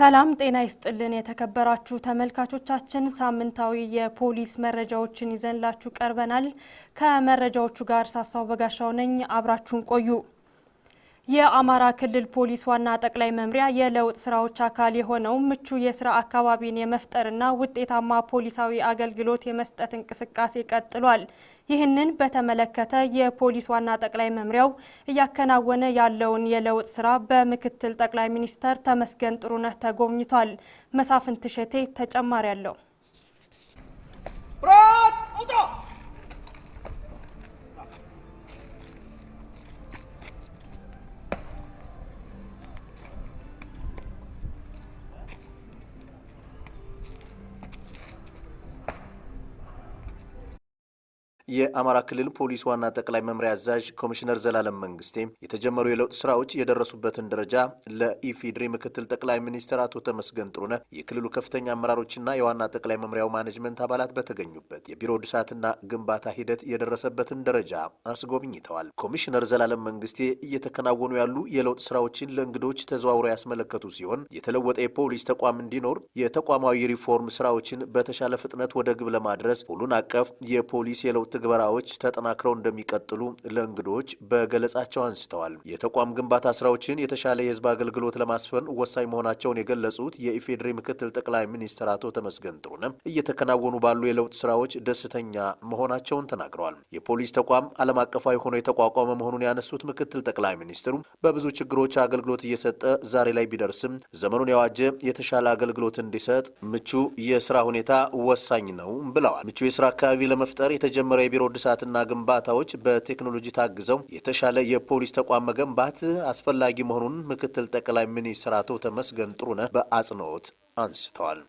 ሰላም ጤና ይስጥልን። የተከበራችሁ ተመልካቾቻችን ሳምንታዊ የፖሊስ መረጃዎችን ይዘንላችሁ ቀርበናል። ከመረጃዎቹ ጋር ሳሳው በጋሻው ነኝ። አብራችሁን ቆዩ። የአማራ ክልል ፖሊስ ዋና ጠቅላይ መምሪያ የለውጥ ስራዎች አካል የሆነው ምቹ የስራ አካባቢን የመፍጠርና ውጤታማ ፖሊሳዊ አገልግሎት የመስጠት እንቅስቃሴ ቀጥሏል። ይህንን በተመለከተ የፖሊስ ዋና ጠቅላይ መምሪያው እያከናወነ ያለውን የለውጥ ስራ በምክትል ጠቅላይ ሚኒስተር ተመስገን ጥሩነህ ተጎብኝቷል። መሳፍንት እሸቴ ተጨማሪ አለው። የአማራ ክልል ፖሊስ ዋና ጠቅላይ መምሪያ አዛዥ ኮሚሽነር ዘላለም መንግስቴ የተጀመሩ የለውጥ ስራዎች የደረሱበትን ደረጃ ለኢፌዴሪ ምክትል ጠቅላይ ሚኒስትር አቶ ተመስገን ጥሩነህ፣ የክልሉ ከፍተኛ አመራሮችና የዋና ጠቅላይ መምሪያው ማኔጅመንት አባላት በተገኙበት የቢሮ እድሳትና ግንባታ ሂደት የደረሰበትን ደረጃ አስጎብኝተዋል። ኮሚሽነር ዘላለም መንግስቴ እየተከናወኑ ያሉ የለውጥ ስራዎችን ለእንግዶች ተዘዋውረው ያስመለከቱ ሲሆን የተለወጠ የፖሊስ ተቋም እንዲኖር የተቋማዊ ሪፎርም ስራዎችን በተሻለ ፍጥነት ወደ ግብ ለማድረስ ሁሉን አቀፍ የፖሊስ የለውጥ ትግበራዎች ተጠናክረው እንደሚቀጥሉ ለእንግዶች በገለጻቸው አንስተዋል። የተቋም ግንባታ ስራዎችን የተሻለ የህዝብ አገልግሎት ለማስፈን ወሳኝ መሆናቸውን የገለጹት የኢፌዴሪ ምክትል ጠቅላይ ሚኒስትር አቶ ተመስገን ጥሩነህ እየተከናወኑ ባሉ የለውጥ ስራዎች ደስተኛ መሆናቸውን ተናግረዋል። የፖሊስ ተቋም ዓለም አቀፋዊ ሆኖ የተቋቋመ መሆኑን ያነሱት ምክትል ጠቅላይ ሚኒስትሩ በብዙ ችግሮች አገልግሎት እየሰጠ ዛሬ ላይ ቢደርስም ዘመኑን የዋጀ የተሻለ አገልግሎት እንዲሰጥ ምቹ የስራ ሁኔታ ወሳኝ ነው ብለዋል። ምቹ የስራ አካባቢ ለመፍጠር የተጀመረ የቢሮ እድሳትና ግንባታዎች በቴክኖሎጂ ታግዘው የተሻለ የፖሊስ ተቋም መገንባት አስፈላጊ መሆኑን ምክትል ጠቅላይ ሚኒስትር አቶ ተመስገን ጥሩነህ በአጽንኦት አንስተዋል።